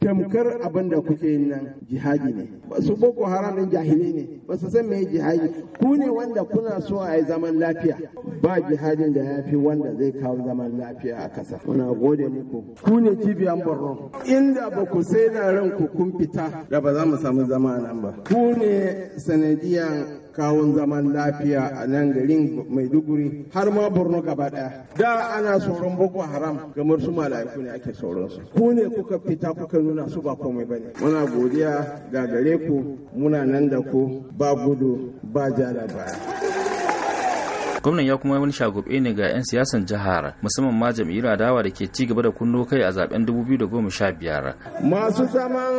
tamkar abin da kuke yin nan jihadi ne su boko haram din jahili ne ba su san mai jihadi ku ne wanda kuna so a yi zaman lafiya ba jihadin da ya fi wanda zai kawo zaman lafiya a kasa muna gode muku ku ne cibiyan borno inda ba ku sai da ranku kun fita da ba za mu samu zama nan ba ku ne sanadiyan kawon zaman lafiya a nan garin maiduguri har ma borno gaba daya da ana sauran boko haram kamar su malayaku ne ake tsoron su ku ne kuka fita kuka nuna su ba komai bane muna godiya ga gare ku muna nan da ku ba gudu ba jala baya gwamnan ya kuma wani shagube ne ga 'yan siyasan jihar musamman ma jam'iyyar adawa da ke ci gaba da kunno kai a zaben 2015 masu zaman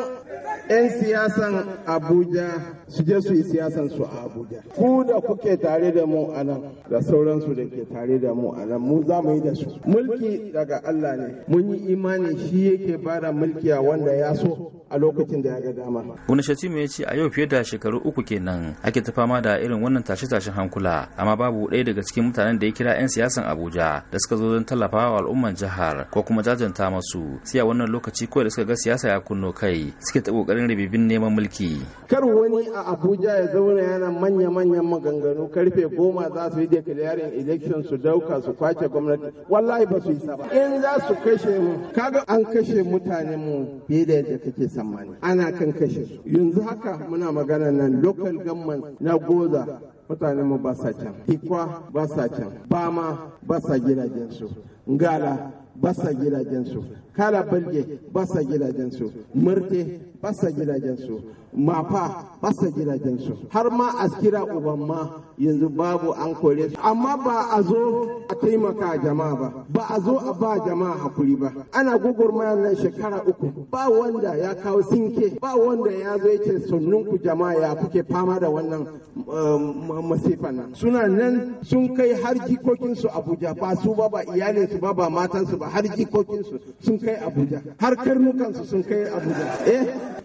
'yan siyasan abuja su je su yi siyasan su a abuja ku da kuke tare da mu a nan da sauransu da ke tare da mu a nan mu za mu yi da su mulki daga allah ne mun yi imani shi yake bada mulki a wanda ya so a lokacin da ya ga dama. Wani Shatima ya ce a yau fiye da shekaru uku kenan ake ta fama da irin wannan tashe-tashen hankula amma babu ɗaya daga cikin mutanen da ya kira 'yan siyasan abuja da suka zo don tallafa wa al'umman jihar ko kuma jajanta masu sai a wannan lokaci kawai da suka ga siyasa ya kunno kai suke ta kokarin ribibin neman mulki kar wani a abuja ya zauna yana manya-manyan maganganu karfe goma za su yi declaring election su dauka su kwace gwamnati wallahi ba su yi saba in za su kashe mu kaga an kashe mutane mu fiye da yadda kake tsammani ana kan kashe su yanzu haka muna magana nan local government na goza mutanen mu ba sa can ikwa ba sa can bama ba sa gidajensu ngala Basa gidajensu kala balge basa gidajensu murte basa gidajensu mafa basa gidajensu har ma askira uban ma yanzu babu an kore su amma ba a zo a taimaka jama'a ba ba a zo a ba jama'a hakuri ba ana gugurmayar nan shekara uku ba wanda ya kawo sinke ba wanda ya zo yake sunnunku jama'a ya kuke fama da wannan um, masifan nan suna nan sun kai har jikokinsu abuja ba su ba ba iyalinsu ba ba matansu ba har jikokinsu sun kai abuja har karnukansu sun kai abuja eh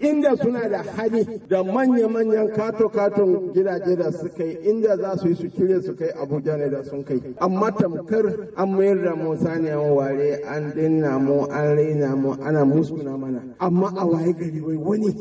inda suna da hari da manya-manyan kato-katon gidaje da suka yi inda za su yi su cire su kai abuja ne da sun kai amma tamkar an mayar da mu saniyan ware an dinna mu an raina mu ana na mana amma a waye gari wai wani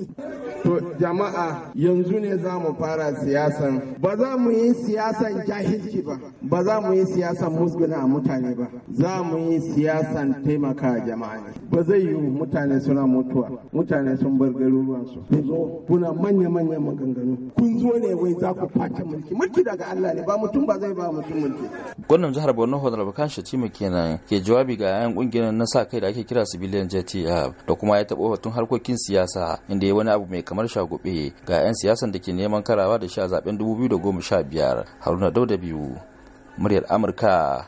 to jama'a yanzu ne za mu fara siyasan ba za mu yi siyasan jahilci ba ba za mu yi siyasan musguna mutane ba za mu yi siyasa. son taimaka jama'a ne ba zai yi mutane suna mutuwa mutane sun bar garuruwansu ku zo kuna manya manyan maganganu kun zo ne wai za ku kwace mulki mulki daga Allah ne ba mutum ba zai ba mutum mulki gwamnatin jihar Borno Honorable Kan Shatima kenan ke jawabi ga yayan kungiyar na sa kai da ake kira civilian JTF da kuma ya tabo batun harkokin siyasa inda ya wani abu mai kamar shagube ga 'yan siyasan da ke neman karawa da shi a zaben 2015 Haruna Dauda biyu muryar Amurka